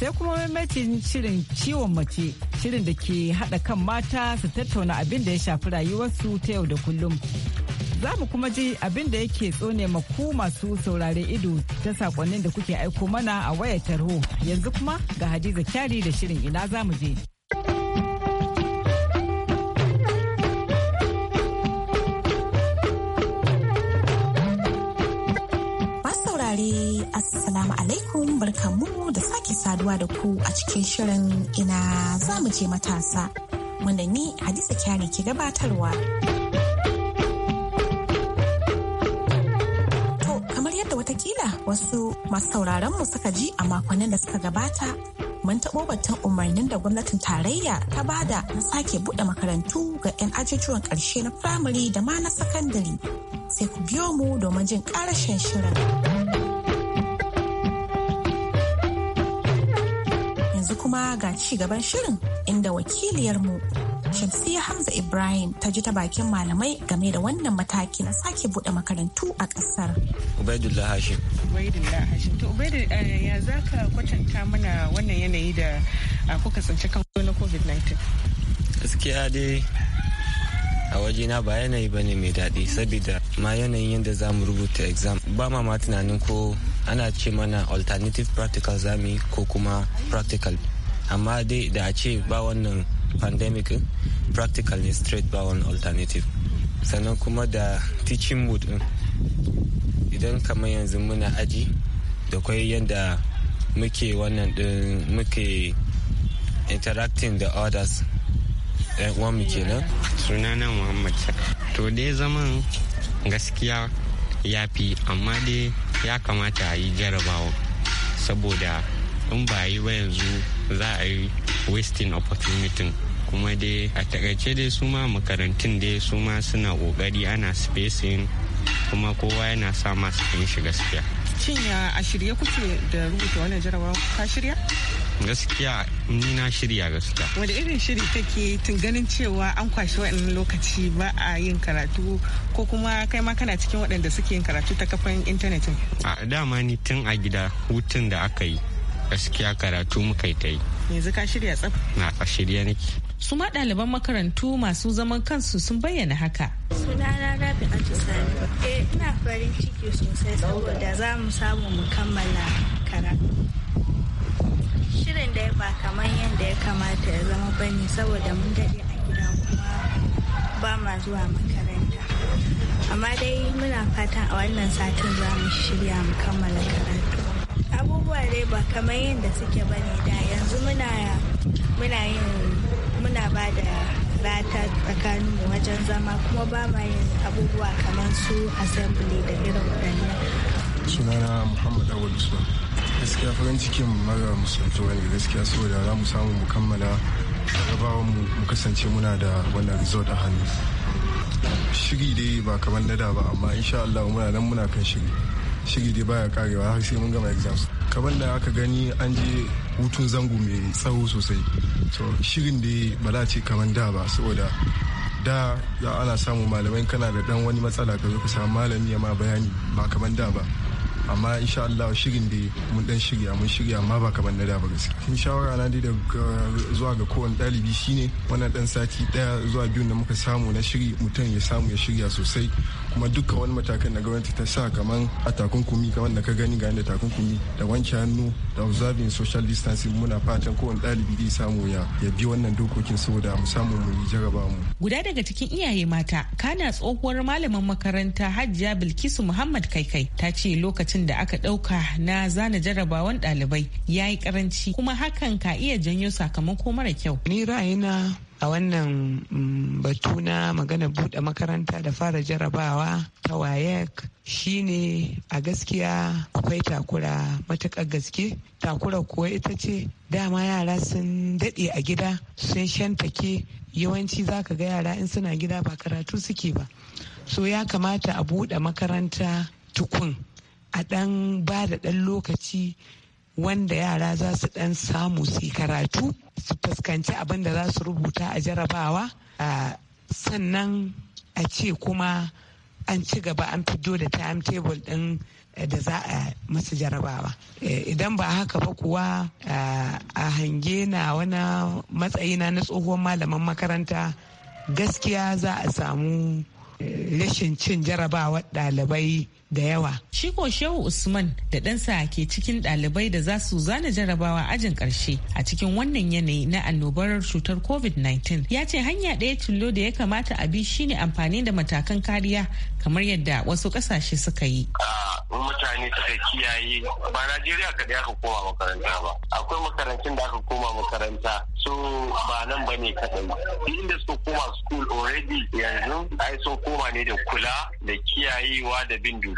sai kuma maimacin shirin ciwon mace shirin da ke haɗa kan mata su tattauna abin da ya shafi rayuwarsu ta yau da kullum za mu kuma ji abin da yake tsone maku masu saurare ido ta sakonnin da kuke aiko mana a wayar tarho yanzu kuma ga hadiza kyari da shirin ina za mu je Assalamu alaikum barkamu saduwa da ku a cikin shirin ina za mu je matasa wanda ni Hadiza Kyari ke gabatarwa. To kamar yadda watakila wasu masu sauraron mu suka ji a makonnin da suka gabata mun taɓo batun umarnin da gwamnatin tarayya ta bada na sake buɗe makarantu ga 'yan ajujuwan ƙarshe na firamare da ma na sakandare sai ku biyo mu domin jin ƙarashin shirin. kuma ga ci gaban shirin inda wakiliyarmu Shamsiyya Hamza Ibrahim ta ji ta bakin malamai game da wannan mataki na sake bude makarantu a kasar. Ubaidullah Hashim. Ubaidullah Hashim. To Ubaidullah eh, ya ka kwatanta mana wannan yanayi da ah, kuka tsinci kan na COVID-19? Gaskiya dai a waje na ba yanayi ba ne mai daɗi saboda ma yanayin yadda za mu rubuta exam ba ma ma tunanin ko ana ce mana alternative practical za mu yi ko kuma practical amma dai da a ce ba wannan pandemic practically straight ba wani alternative sannan kuma da teaching mood din idan kamar yanzu muna aji da kwai yadda muke wannan din muke interacting da others yan mu kenan sunana muhammad to dai zaman gaskiya ya fi amma dai ya kamata a yi jarabawa saboda in ba yi ba yanzu za a yi wasting opportunity kuma dai a takaice dai su ma makarantun dai su ma suna kokari ana spacing kuma kowa yana sa masu kan shi gaskiya shin ya a shirye kuke da rubuta wannan jarawa ka shirya gaskiya ni na shirya gaskiya wanda irin shiri take tun ganin cewa an kwashi waɗannan lokaci ba a yin karatu ko kuma kai ma kana cikin waɗanda suke yin karatu ta kafan intanetin a dama ni tun a gida hutun da aka yi gaskiya karatu muka yi ta yi yanzu ka shirya tsaf na a shirya nake su ma ɗaliban makarantu masu zaman kansu sun bayyana haka sunana rabi a sani eh ina farin ciki sosai saboda za mu samu mu kammala karatu shirin da ba kamar yadda ya kamata ya zama bane saboda mun daɗe a gida kuma ba ma zuwa makaranta amma dai muna fatan a wannan satin za mu shirya mu kammala karatu abubuwa dai ba kamar yadda suke ba ne da yanzu muna yin muna ba da rata tsakanin wajen zama kuma ba ma yin abubuwa kamar su assembly da irin waɗannan sunana muhammad awal usman gaskiya farin cikin mara musulunci wani gaskiya saboda za mu samu mu kammala gabawan mu kasance muna da wannan resort a hannu shiri dai ba kamar nada ba amma insha Allah muna nan muna kan shiri shiri dai baya karewa har sai mun gama exams kaban da aka gani an je hutun zango mai tsawo sosai to shirin da ba za ce kaman da ba saboda da ya ana samun malamai kana da dan wani matsala ka zo ka samu malami ya ma bayani ba kaman da ba amma insha Allah shirin da mun dan shirya mun shirya amma ba kaman na da ba gaske. kin shawara na da zuwa ga kowane dalibi shine wannan dan sati daya zuwa biyu da muka samu na shiri mutum ya samu ya shirya sosai kuma duka wani matakan da gwamnati ta sa kamar a takunkumi kamar da ka gani ga da takunkumi da wanke hannu da observing social distancing muna fatan kowane dalibi zai samu ya bi wannan dokokin saboda mu samu mu yi jaraba mu. Guda daga cikin iyaye mata kana tsohuwar malamin makaranta Hajiya Bilkisu Muhammad Kaikai ta ce lokacin da aka dauka na zana jarabawan ɗalibai ya yi karanci kuma hakan ka iya janyo sakamako mara kyau. Ni ra'ayina a wannan mm, batu na magana buɗe makaranta da fara jarabawa ta wayek shine a gaskiya akwai takura matukar gaske takura kuwa ita ce dama yara sun daɗe a gida sun shantake yawanci za ka ga yara in suna gida ba karatu suke ba so ya kamata a buɗe makaranta tukun a ɗan ba da ɗan lokaci wanda yara za su dan samu su karatu su fuskanci abin da za su rubuta a jarabawa sannan a ce kuma an ci gaba an fito da timetable din eh, da za a masu jarabawa eh, idan ba haka ba kuwa a hange na wani matsayina na tsohuwar malaman makaranta gaskiya za a samu eh, rashin cin jarabawar ɗalibai da yawa. shiko Shehu Usman da ɗansa ke cikin ɗalibai da za su zana jarabawa ajin ƙarshe a cikin wannan yanayi na annobar cutar COVID-19. Ya ce hanya ɗaya tullo da ya kamata a bi shine amfani da matakan kariya kamar yadda wasu ƙasashe suka yi. mutane suka kiyaye ba Najeriya kaɗai aka koma makaranta ba. Akwai makarantun da aka koma makaranta so ba nan ba ne kaɗai. Inda suka koma school already yanzu ai sun koma ne da kula da kiyayewa da bin doka.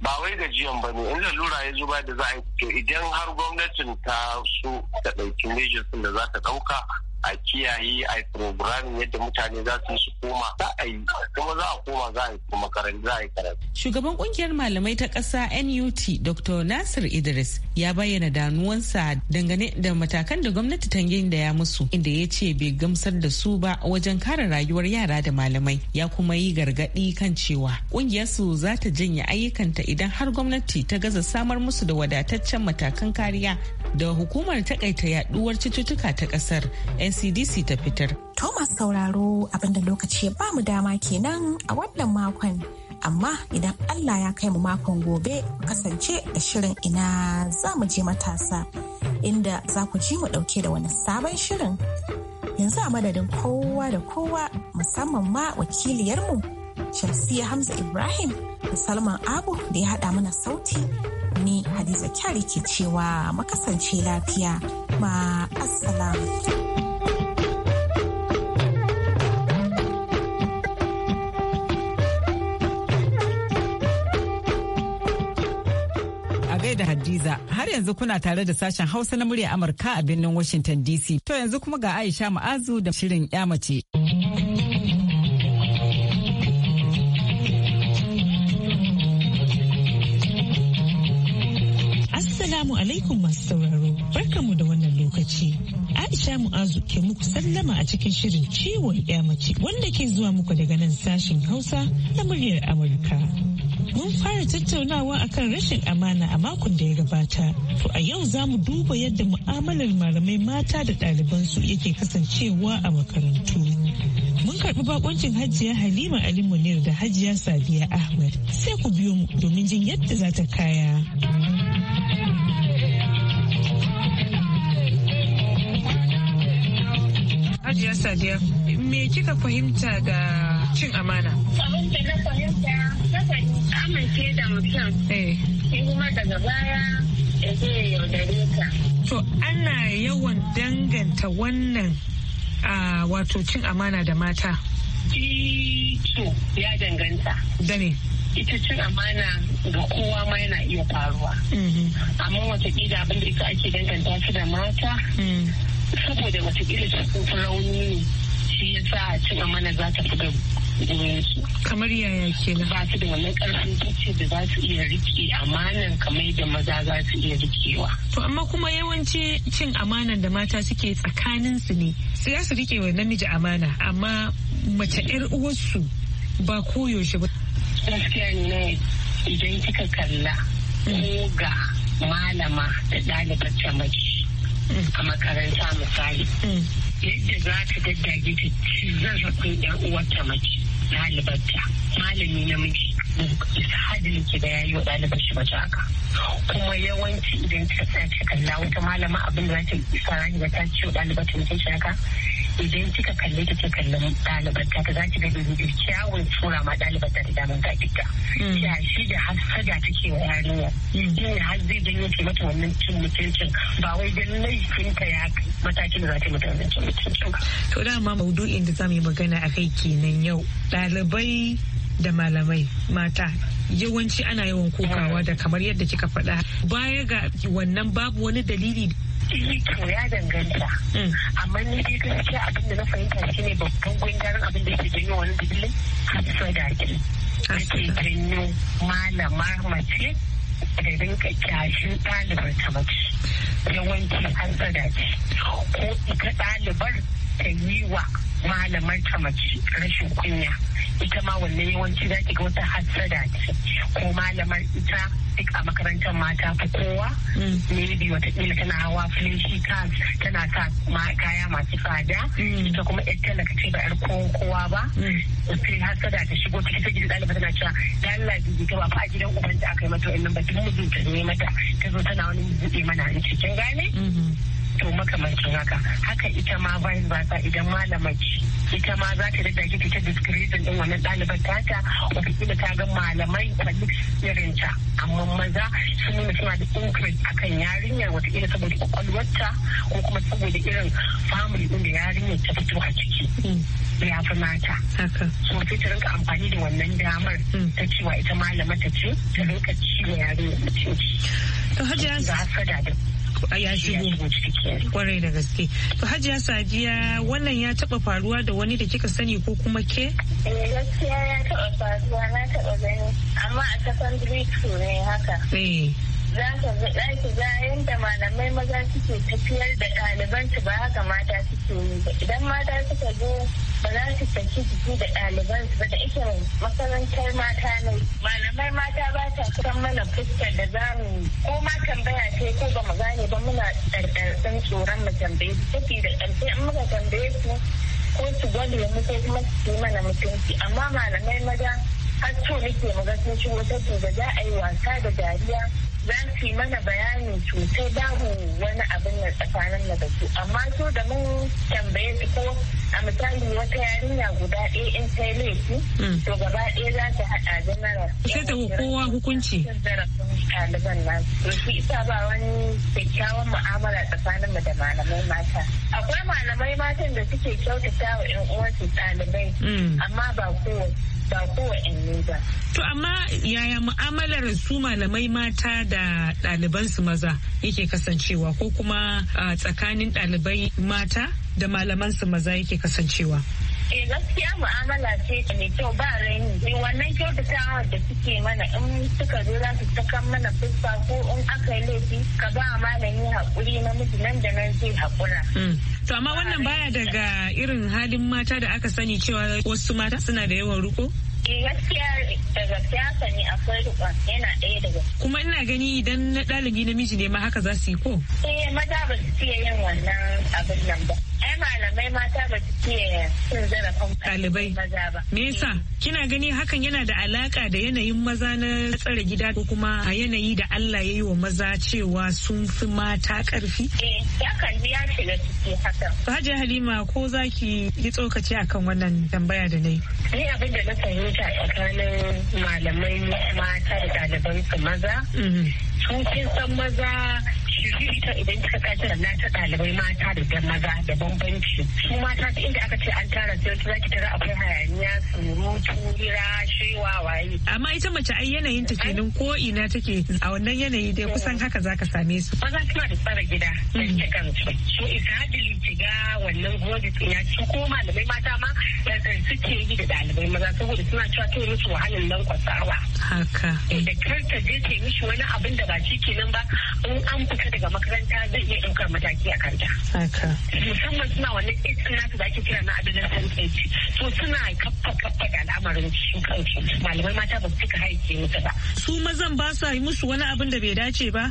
ba wai gajiyan ba ne in lalura ya zuba da za a yi idan har gwamnatin ta so ta ɗauki measures da za ta ɗauka a kiyaye a yi program yadda mutane za su yi su koma za a yi kuma za a koma za a yi kuma karatu za a yi karatu. Shugaban kungiyar malamai ta ƙasa NUT Dr. Nasir Idris ya bayyana danuwansa dangane da matakan da gwamnati ta da ya musu inda ya ce bai gamsar da su ba wajen kare rayuwar yara da malamai ya kuma yi gargaɗi kan cewa ƙungiyarsu za ta janye ayyukanta idan har gwamnati ta gaza samar musu da wadataccen matakan kariya da hukumar takaita yaɗuwar cututtuka ta ƙasar ncdc ta fitar thomas sauraro abinda lokaci ba mu dama kenan a wannan makon amma idan allah ya kai mu makon gobe kasance da shirin ina za mu je matasa inda za ku ji mu dauke da wani sabon shirin yanzu a madadin kowa da kowa musamman ma wakiliyarmu shamsiyya Hamza Ibrahim da Salman Abu da ya haɗa mana sauti. Ni Hadiza Kyari ke cewa makasance lafiya ma da Hadiza har yanzu kuna tare da sashen Hausa na murya Amurka a birnin Washington DC. To yanzu kuma ga Aisha Ma'azu da shirin 'ya mace. alaikum masu sauraro mu da wannan lokaci. Aisha Mu'azu ke muku sallama a cikin shirin ciwon mace wanda ke zuwa muku daga nan sashen Hausa na muryar Amurka. Mun fara tattaunawa akan rashin amana a makon da ya gabata. To a yau za mu duba yadda mu'amalar malamai mata da ɗalibansu yake kasancewa a makarantu. mun karɓi bakoncin hajiya halima ali munir da hajiya sadiya ahmed sai ku biyo mu domin jin yadda za ta kaya. Hajiya Sadiya, me kika fahimta ga cin amana? Abin da na fahimta, na amince da mutum. Eh. kuma daga baya ya yaudare ka. To, ana yawan danganta wannan a wato cin amana da mata. to ya danganta. Dane. Ita cin amana ga kowa ma yana iya faruwa. Mm-hmm. Amma wata abin da ita ake danganta shi da mata. Mm. saboda wata ta kofi rauni ne shi ya sa a cika mana za ta fi da kamar yaya kenan ba su da wani karfin zuciya da za su iya rike amanan kamar da maza za su iya rikewa to amma kuma yawanci cin amanan da mata suke tsakanin su ne sai za su rike wa namiji amana amma mace yar uwarsu ba koyaushe ba gaskiya ne idan kika kalla ko ga malama da ɗalibar mace a makaranta misali mm. yadda za ta daddage ta ci zarafin yan uwarta mace ɗalibarta malami namiji hadin ki da yayi wa ɗalibar shi mace haka kuma yawanci idan ta tsaya ta kalla wata malama abin da za ta isa ta ci wa ɗalibar ta mace haka idan kika kalle ta ce kallon ɗalibar ta ta zaki gani da kyawun tsura ma ɗalibar ta da daman ta kita. Ya hmm. shi da hasada take wa yarinya. Yin hmm. har zai janyo ke mata wannan cin mutuncin ba wai dan laifinta ya matakin da za ta mata wannan cin mutuncin. To dama maudu'in da zamu yi magana akai kenan yau ɗalibai da malamai mata yawanci ana yawan kokawa hmm. da kamar yadda kika faɗa baya ga wannan babu wani dalili Eh to ya danganta. Mm. Amma ni dai gaskiya abin da na fahimta shine babban gundarin abin da ke janyo wani dililin hasada ce. Ake janyo malama mace ta rinka kyashin ɗalibar ta mace. Yawanci hasada ce. Ko ita ɗalibar ta yi wa malamar ta mace rashin kunya ita ma wanne yawanci za ki ga wata hasada ce ko malamar ita duk a makarantar mata fi kowa wata mm. watakila tana hawa flashy cars tana sa kaya masu fada. Mm. ita kuma yar talaka ce ba yar kowa ba mm. sai hasada ta shigo ciki ta gidan ɗaliba tana cewa da Allah bibi ta ba fa a gidan ubanta aka yi mata wannan ba duk ta ne mata ta zo tana wani buɗe mana a cikin gane mm-hmm. to makamancin haka haka ita ma vice versa idan malamar ita ma za ta daga ta discretion din wannan ɗaliban tata kila ta ga malamai a duk ta, amma maza sun nuna suna da kan akan yarinyar kila saboda kwakwalwarta ko kuma saboda irin family din da yarinyar ta fito a ciki mm. ya fi mata so sai ta rinka amfani da wannan damar mm. ta cewa ita malama ta ce ta rinka ciwo yarinyar mutunci. To hajiya. Da hasada da ya shigo kwarai da gaske to hajiya sadiya wannan ya taba faruwa da wani da kika sani ko kuma ke eh gaskiya ya taba faruwa na taba gani amma a secondary school ne haka eh za ka ga ɗaki za yadda malamai maza suke tafiyar da ɗaliban su ba haka mata suke yi idan mata suka zo ba za su saki jiki da ɗaliban su ba da ike makarantar mata ne malamai mata ba ta mana fuskar da za mu ko ma tambaya ce ko ba mu gane ba muna ɗarɗarɗin tsoron mu tambaye su tafi da ƙarfi in muka tambaye su ko su gwada mu ko kuma su yi mana mutunci amma malamai maza har to nake mu ga sun shigo da za a yi wasa da dariya za su yi mana bayani sosai babu wani abin na tsakanin na da su amma so da mun tambaye su ko wata yarinya guda ɗaya in ta yi laifi hmm. to gaba ɗaya za ta haɗa da mara. Sai ta kowa hukunci. ɗaliban nan. To shi isa ba wani kyakkyawan mu'amala tsakanin mu da malamai mata. Akwai malamai matan da suke kyautata wa 'yan uwansu ɗalibai hmm. amma ba kowace. ba kowanne ba. To amma yaya mu'amalar su malamai mata da su maza yake kasancewa ko kuma tsakanin ɗalibai mata da malaman su maza yake kasancewa? eh gaskiya mu'amala ce mai kyau ba raini eh, wannan kyautatawa da suke mana in suka zo za su saka mana fuska ko in aka yi laifi ka ba malami haƙuri na miji nan da nan zai haƙura hmm. To amma wannan baya daga irin halin mata da aka sani cewa wasu mata suna da yawan ruko? Eh, siyasa ne kuma ina gani idan na ɗalibi namiji ne ma haka za su yi ko? eh maza ba su fiye yin wannan abin nan ba ai malamai mata ba su ke cin zarafin ɗalibai maza ba. Me yasa kina gani hakan yana da alaka da yanayin maza na tsare gida ko kuma a yanayi da Allah ya yi wa maza cewa sun fi mata ƙarfi? Eh, yakan ya shiga ciki hakan. Hajiya Halima ko za ki yi tsokaci akan wannan tambaya da na yi? Ni abin da na fahimta tsakanin malamai mata da ɗaliban su maza. Mm-hmm. Sun san maza shi ita idan kika kaddara na ta dalibai mata da dan maza da bambanci su mata ta inda aka ce an tara sai za ki tara akwai hayaniya surutu hira shewa waye amma ita mace ai yanayin ta kenan ko ina take a wannan yanayi dai kusan haka zaka same su maza suna da tsara gida da ke kansu so isa hadili ki ga wannan gode ya ci ko malamai mata ma da suke yi da dalibai maza saboda suna cewa to musu wahalan nan kwasawa haka eh, da kanta je ta mishi wani abin da ba shi kenan ba in an fita daga makaranta zai iya ɗaukar mataki a kanta. Musamman suna wani ƙetsin nasu da ake kira na adolescent age. So suna kafa kafa da al'amarin su malamai mata ba su cika haike musu ba. Su mazan ba sa yi musu wani abin da bai dace ba?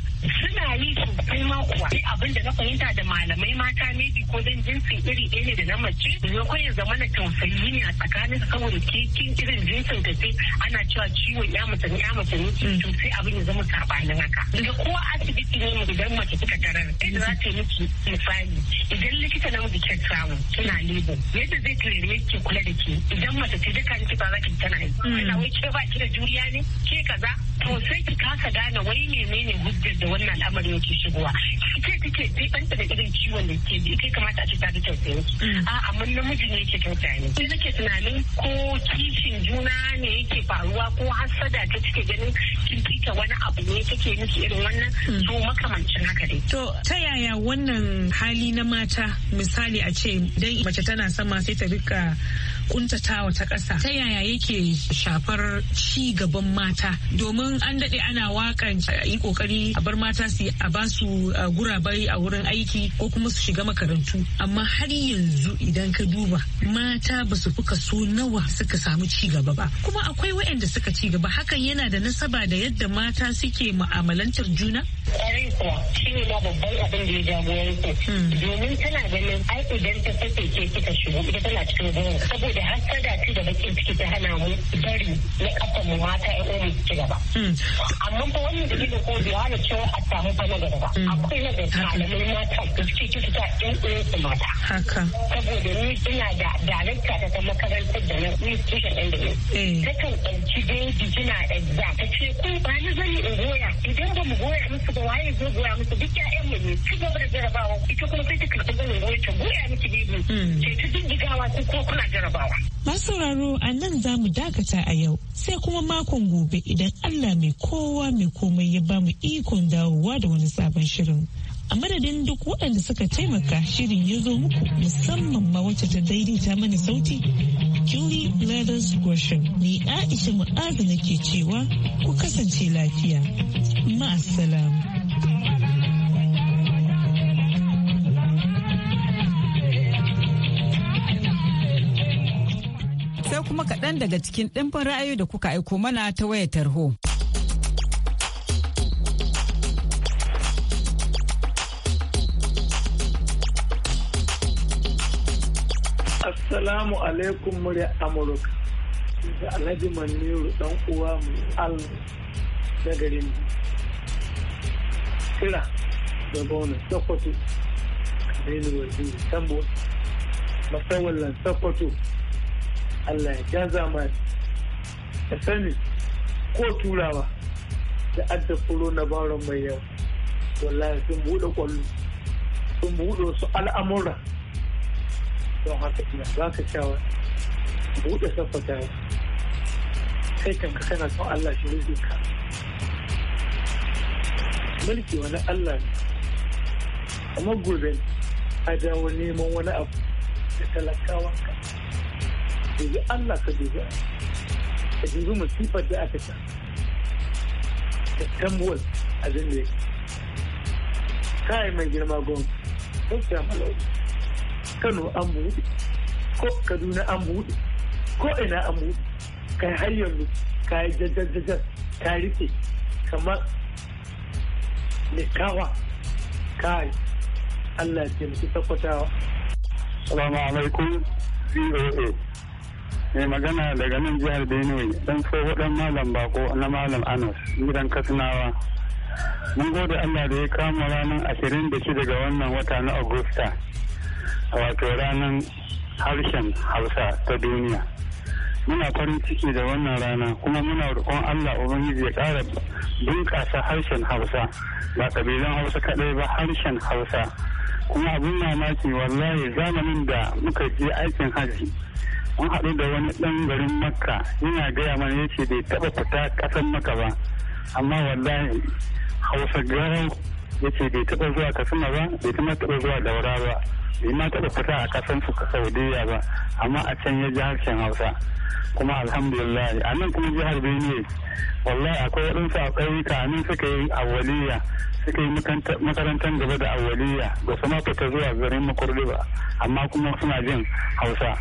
ina yi sosai ma kuwa sai abin da na fahimta da malamai mata ne bi ko dan jinsi iri ɗaya ne da na mace maimakon ya zama na tausayi ne a tsakanin saboda kekin irin jinsin ka sai ana cewa ciwon ya mace ya mace ne mm. to sai abin ya zama sabanin haka mm. daga kowa asibiti ne mu idan mace kika tarar da za ta yi miki misali idan likita na mu kyan samu kina lebo yadda zai tarere ki kula da ke idan mace ta duka ni ba za ki tana yi mm. kana wai ke ba ki da juriya ne ke kaza to sai ki kasa gane wai menene hujjar da wannan al'amari al'amarin yake shigowa sai take bibanta da irin ciwon da ke bi kai kamata a ce ta ji tausayin su mm. a amma namiji ne yake tausaya ne sai nake tunanin ko kishin juna ne yake faruwa ko hasada ta take ganin kin wani abu ne take miki irin wannan to mm. makamancin haka dai to ta yaya wannan hali na mata misali a ce dan mace tana sama sai ta rika kuntatawa ta kasa ta yaya yake shafar ci gaban mata domin an dade ana wakan yi kokari a bar mata su a ba su gurabai a wurin aiki ko kuma su shiga makarantu amma har yanzu idan ka duba mata ba su fi so nawa suka samu ci gaba ba kuma akwai waɗanda suka ci gaba hakan yana da nasaba da yadda mata suke mu'amalantar juna kwarai kuwa shi ne babban abin da ya jagoransu hmm. domin tana ganin ai idan ta sake ke kika shigo ita tana cikin goma saboda har da ci da bakin ciki ta hana mu bari na kafa mu mata ya mu ci gaba hmm. amma fa wannan dalilin ko bai hana cewa a samu ba gaba ba akwai na gaba malamai mata da suke kyautata yan uwansu mata haka saboda ni ina da darakta ta ta makarantar da na nutrition ɗin da ni ta kan ɗauki baby tana exam ta ce ko ba ni zani in goya idan ba mu goya musu ba waye zo goya musu duk ƴaƴan mu ne ci gaba da jarabawa ita kuma sai ta karɓi zanin goya ta goya miki baby ce ta jijjigawa ko kuna jarabawa Masu a nan za mu dakata a yau sai kuma makon gobe idan Allah mai kowa mai komai ya ba mu ikon dawowa da wani sabon shirin. A madadin duk waɗanda suka taimaka shirin ya zo muku musamman ma wacce ta daidaita mana sauti. Julie Leathers Gresham ni Aisha Mu'azu ke cewa ku kasance lafiya. Ma'asalam. kuma kaɗan daga cikin ɗimbin ra'ayoyi da kuka aiko mana ta wayar tarho. Assalamu alaikum murya Amurka. Da Alhaji Maniru dan uwa mu al da garin Kira da gwamna Sokoto, wajen Masawallan Sokoto, Allah ya canza mana da sani ko turawa da adda furo na baron mai yawa wallahi sun buɗe kwallo sun buɗe wasu al'amura don haka ina ba ka shawar buɗe saffata ya kai kanka kana son Allah shi rufe ka mulki wani Allah ne amma gobe a dawo neman wani abu da talakawanka dubi Allah ka dubi ka dubi masifar da aka ta da tambuwar a da kayan mai girma gwamnati gaskiya malau kano an buɗe ko kaduna an buɗe ko ina an buɗe kai har yanzu ka yi jajjajajar ka rike kamar da kawa kai Allah ya taimaki tabbatawa. Salamu alaikum VOA. mai magana daga nan jihar benue dan tsoho dan malam bako na malam anas gidan katsinawa mun gode allah da ya kama ranar ashirin da shi daga wannan wata na agusta wato ranar harshen hausa ta duniya muna farin ciki da wannan rana kuma muna roƙon allah ubangiji ya ƙara bunƙasa harshen hausa ba ƙabilan hausa kaɗai ba harshen hausa kuma abin mamaki wallahi zamanin da muka je aikin hajji mun haɗu da wani ɗan garin makka yana gaya mana ya ce bai taɓa fita ƙasar makka ba amma wallahi hausa garau ya ce bai taɓa zuwa kasuma ba bai kuma taɓa zuwa daura ba bai ma taɓa fita a ƙasan su saudiya ba amma a can ya ji harshen hausa kuma alhamdulillah a nan kuma jihar benue wallahi akwai waɗansu a ƙauyuka a nan suka yi awaliya suka yi makarantar gaba da awaliya ba su ma fita zuwa garin makurdi ba amma kuma suna jin hausa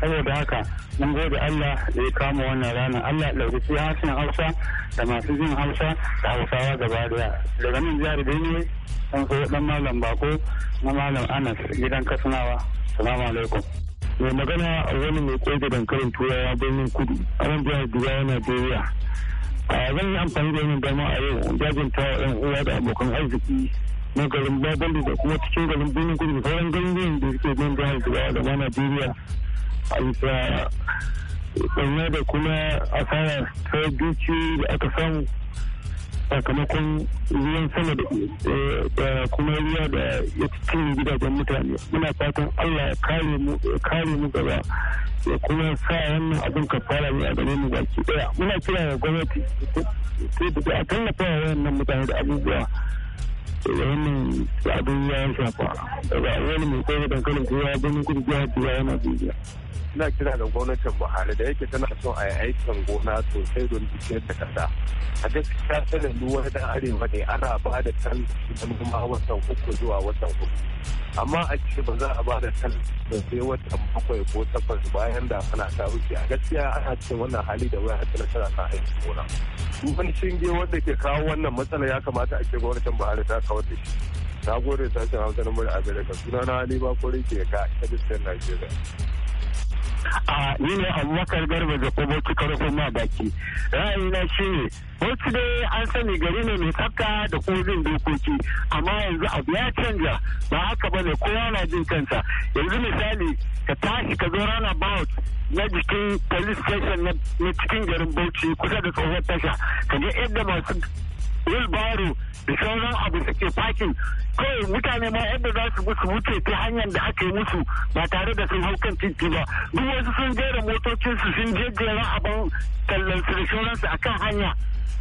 saboda haka mun gode Allah da ya kama wannan ranar Allah ya ɗauki harshen hausa da masu jin hausa da hausawa gaba daya daga nan jihar benue an koyo dan malam bako na malam anas gidan kasnawa salamu alaikum mai magana wani mai koyar da dankalin turawa birnin kudu a nan jihar dubai najeriya a zan yi amfani da wannan dama a yau jajinta wa yan uwa da abokan arziki na garin babali da kuma cikin garin birnin kudu sauran garin da suke nan jihar biyar da ma najeriya a bisa tsanya da kuma asara ta dukiyoyi da aka samu sakamakon ruwan sama eh, da kuma ruwa da ya cikin gidajen mutane muna fatan allah ya kare mu gaba ya kuma sa wannan abin ka fara ne a gare mu baki daya muna kira ga gwamnati ta a tallafa wa wannan mutane da abubuwa wannan abin ya shafa daga wani mai kai da dankalin ya bani kudu jihar yana dubiya ina kira da gwamnatin buhari da yake tana son a yi aikin gona sosai don jikin da kasa a gaskiya ta da wani da arewa ne ana ba da kan da noma watan uku zuwa watan uku amma a ce ba za a ba da kan da sai watan bakwai ko takwas bayan da ana ta wuce a gaskiya ana cin wannan hali da waya tana tana sa aikin gona wani shinge wanda ke kawo wannan matsala ya kamata a ce gwamnatin buhari ta kawar da shi na gode sashen hausa na bere ka suna na ali ba kore ke ka ta biskan najeriya a ni ne abubakar garba da koboci karfin madaki ra'ayina shi ne wasu dai an sani gari ne mai tsafta da kojin dokoki amma yanzu abu ya canja ba haka bane kowa na jin kansa yanzu misali ka tashi ka zo rana about na jikin police station na cikin garin bauchi kusa da tsohon tasha ka ga yadda masu wilbaro da sauran abu da ke fakin kawai mutane ma yadda za su musu wuce ta hanyar da aka yi musu ba tare da sun hau kan titi ba duk wasu sun jera su sun jejjera abin tallan su da sauran a kan hanya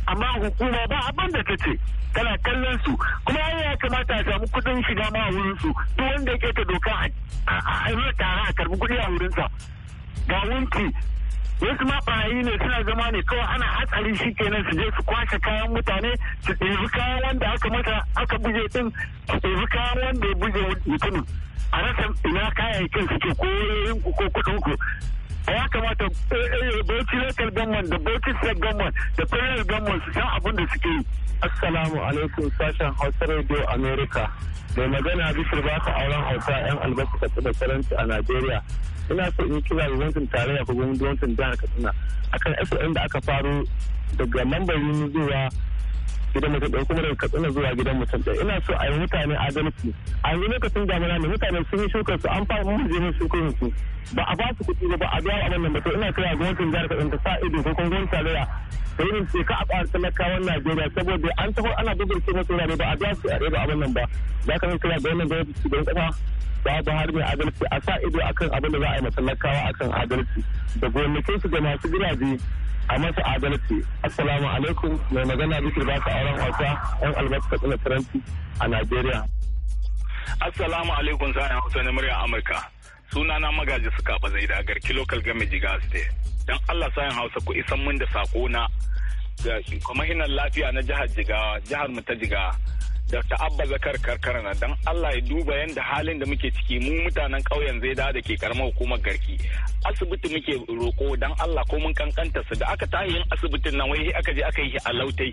amma hukuma ba abin da ta ce tana kallon su kuma ya kamata a samu kudin shiga ma wurin su duk wanda ya keta doka a tara a karbi kudi a wurin sa ga wanki wasu ma barayi ne suna zama ne kawai ana hatsari shi kenan su je su kwashe kayan mutane su ɗebi kayan wanda aka mata aka buje ɗin su ɗebi kayan wanda ya buje mutumin a rasa ina kayayyakin suke ko yoyin ku ko kuɗin ku ya kamata eh, eh, bauchi local government da bauchi state government da federal government su san abin da suke yi assalamu alaikum sashen hausa radio america mai magana bishir ba ka auren hausa yan albasa da karanci a nigeria. ina so in kira da wancan tarayya ko wancan jihar katsina akan fm da aka faro daga lambarin zuwa gidan mutum ɗaya kuma daga katsina zuwa gidan mutum ɗaya ina so a yi mutane adalci a yi lokacin damuna ne mutane sun yi shukar su an fara mun mun shukar su ba a ba su kuɗi ba a biya wa nan ba to ina kira gwamnatin jihar katsina ta sa ido ko kuma gwamnati tarayya da yin ce ka a ƙwar talakawan najeriya saboda an taho ana bugun ce mutum ne ba a biya su a ɗaya ba abin nan ba za ka kira da wannan gwamnati su ɗan ƙasa babu har mai adalci a sa ido akan abin da za a yi masallakawa akan adalci da gonakin su ga masu gidaje a masa adalci assalamu alaikum mai magana bikir ba ka auren hausa yan albarka tsina taranti a najeriya assalamu alaikum sa'in hausa na murya amurka sunana magaji suka bazai da garki local game jiga state dan allah sa'in hausa ku isan min da sako na ga hinan lafiya na jihar jigawa jihar mu ta jigawa Dr. Abba Zakar karkara na dan Allah ya duba yadda halin da muke ciki mu mutanen ƙauyen zai da ke karamar hukumar Garki. Asibiti muke roko dan Allah ko mun kankanta su da aka tahi yin asibitin nan wai aka je aka yi a lautai.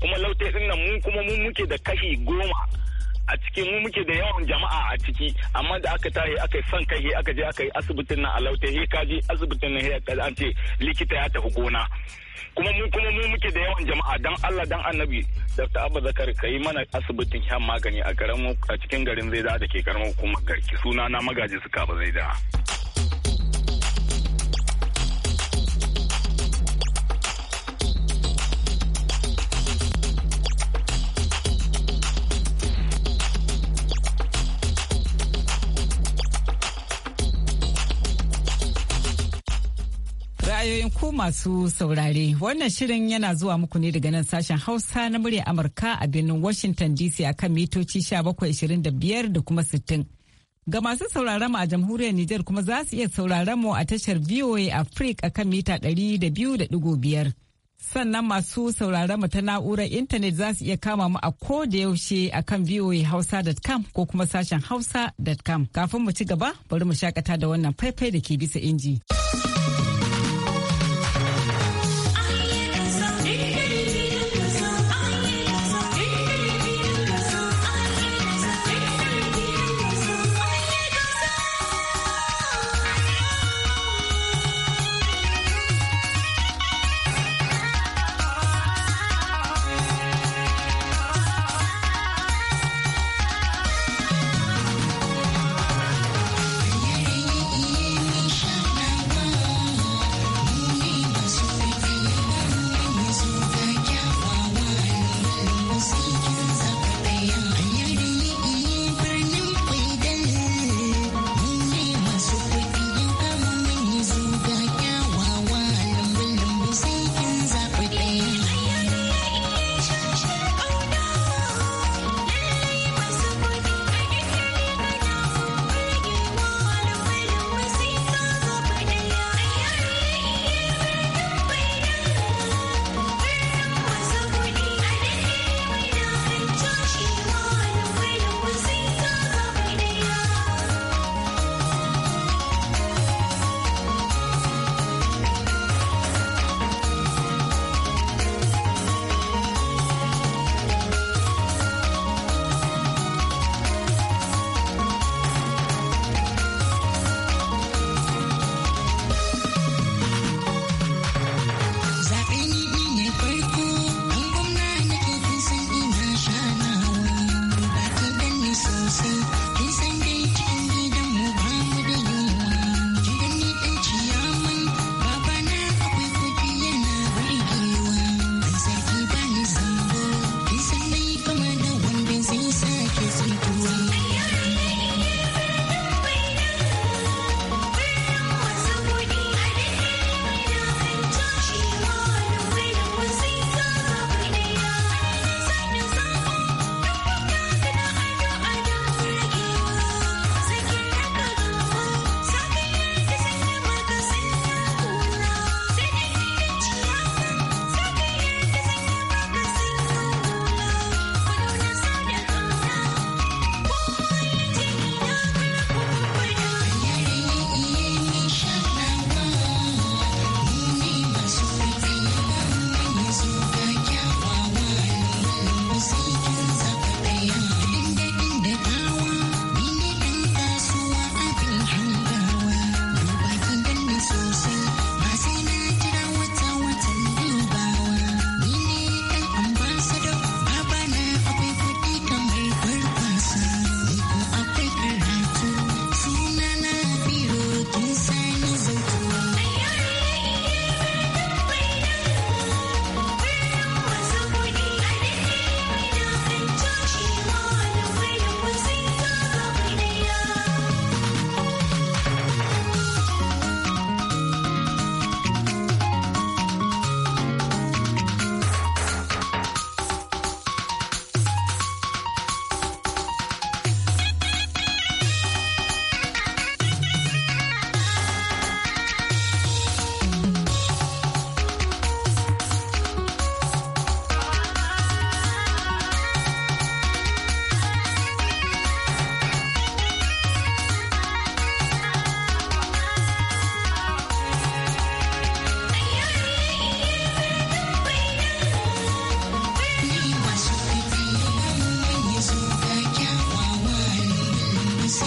Kuma lautai din nan mu kuma mu muke da kashi goma a cikin mu muke da yawan jama'a a ciki amma da aka tare aka san kai aka je aka yi asibitin nan a laute he ka je asibitin nan an ce likita ya tafi gona kuma mu kuma mu muke da yawan jama'a dan Allah dan Annabi Dr. Abba Zakar yi mana asibitin shan magani a garin mu a cikin garin Zaida da ke mu kuma garki suna na magaji suka ba Zaida masu saurare wannan shirin yana zuwa muku ne daga nan sashen hausa na murya amurka a birnin washington dc a kan mitoci 1725 da kuma 60 ga masu sauraron mu a jamhuriyar niger kuma za su iya sauraron mu a tashar voa africa kan mita 200.5 sannan masu sauraron mu ta na'urar intanet za su iya kama mu a ko da yaushe a akan voahausa.com ko kuma sashen hausa.com kafin mu ci gaba bari mu shakata da wannan faifai da ke bisa inji.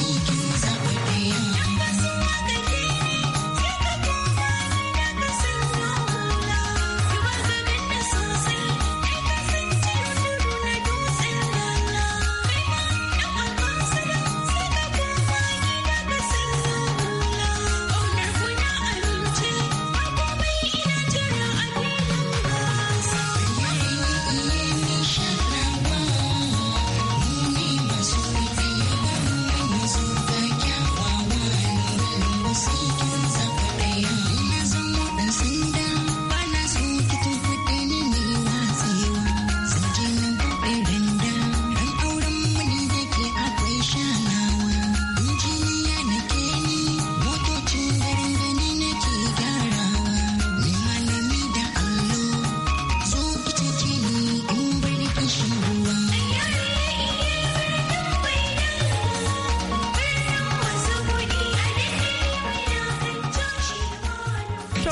Thank you.